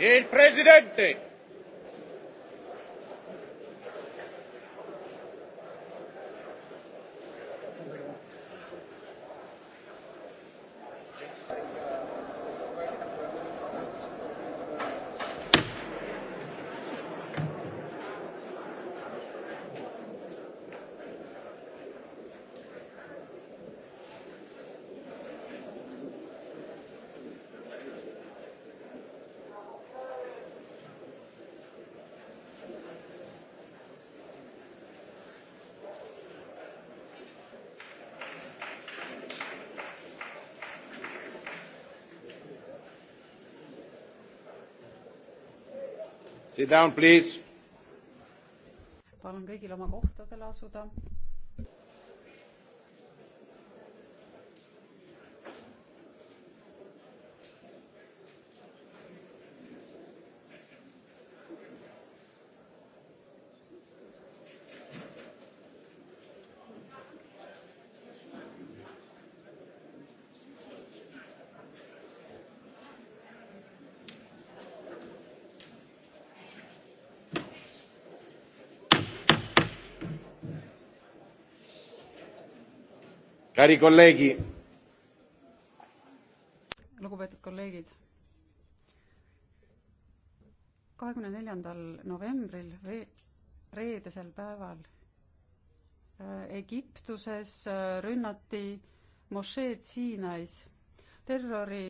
Il presidente Sit down, please. palun kõigil oma kohtadele asuda. cari colleghi lugupeetud kolleegid kahekümne neljandal novembril reedesel päeval äh, Egiptuses äh, rünnati mošeed Siinais terrori